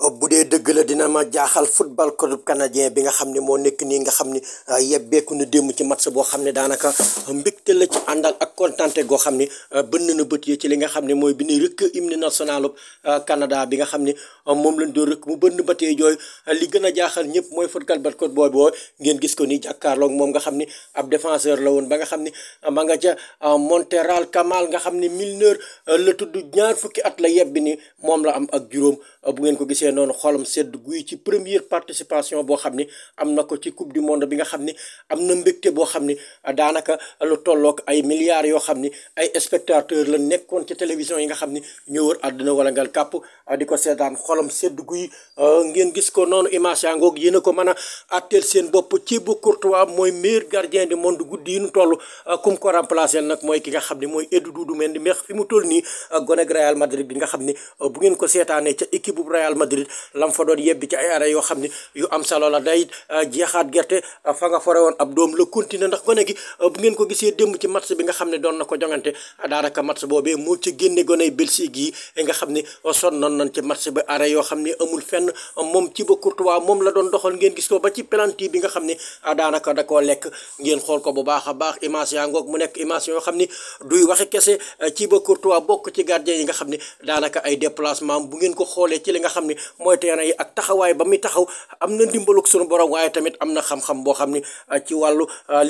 bu dee dëgg la dina ma jaaxal football club canadien bi nga xam ne moo nekk nii nga xam ni ah, yebbeeku na démb ci match boo xam ne daanaka mbégte la ci àndal ak kontante goo xam ni ah, bënn na bët yi ci li nga xam ne mooy bi ni rëkk hymne nationalu ah, Canada bi nga xam ni moom lañ doon rëkk mu bënn ba tey jooy li gën a jaaxal ñëpp mooy football club boobu boo ngeen gis ko nii jàkkaarloog moom nga xam ni ab défenseur la woon ba nga xam ni ma nga ca Montréal Kamal nga xam ni Milner la tudd ñaar fukki at la yebbi ni moom la am ak juróom bu ngeen ko gisee noonu xolam sedd guy ci première participation boo xam ni am na ko ci coupe du monde bi nga xam ni am na mbégte boo xam ni daanaka lu tolloog ay milliards yoo xam ni ay spectateurs la nekkoon ci télévision yi nga xam ni ñoo wër àdduna wala ngal kàpp di ko seetaan xolam sedd guy euh, ngeen gis ko noonu image yaa ngoog yéen a ko mën a àtteel seen bopp Thibaut Courtois mooy meilleur gardien du monde guddi yi ñu toll euh, kum ko remplacé nag mooy ki nga xam ni mooy Édu Doudou Mendy meex fi mu toll nii euh, gone Real Madrid bi nga xam ni bu ngeen ko seetaanee ca équipe équipe Real Madrid lam fa doon yebbi ci ay arrêt yoo xam ne yu am solo day jeexaat gerte fa nga fore woon ab doom la continué ndax gone gi euh, bu ngeen ko gisee démb ci match bi nga yoo xam ne amul fenn moom ci ba Courtois moom la doon doxal ngeen gis ko ba ci penalty bi nga xam ne daanaka da koo lekk ngeen xool ko bu baax a baax image yaa ngoog mu nekk image yoo xam ne duy waxe kese ci ba Courtois bokk ci gardien yi nga xam ne daanaka ay déplacement ci li nga xam ni mooy terrain yi ak taxawaay ba muy taxaw am na ndimbalug suñu borom waaye tamit am na xam-xam boo xam ni ah, ah,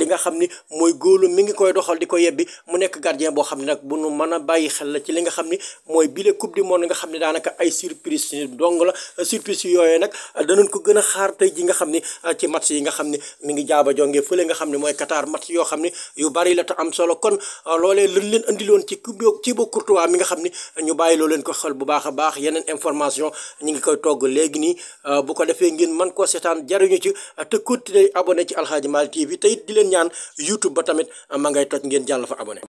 mooy góolu mi di ko yebbi mu nekk gardien boo xam ne nag bu nu mën a bàyyi xel la nga xam ni mooy bile coupe du monde nga xam ne daanaka ay surprise dong la surprise yooyee nag ah, danañ ko gën a xaar tey ji nga xam ni ci match yi nga xam ni mi ngi jaaba jongee fële nga xam ne mooy Qatar match yoo xam ni yu bari la te am solo kon loolee luñ leen andiloon ci coupe ci ba Courtois mi nga xam ni ñu bàyyi loo ko xel bu baax a baax yeneen information ñu ngi koy togg léegi nii euh, bu ko defee ngeen mën ko seetaan jariñu ci te continuer abonné ci Aladji Malick TV tey it di leen ñaan YouTube ba tamit ma ngay toj ngeen jàll fa abone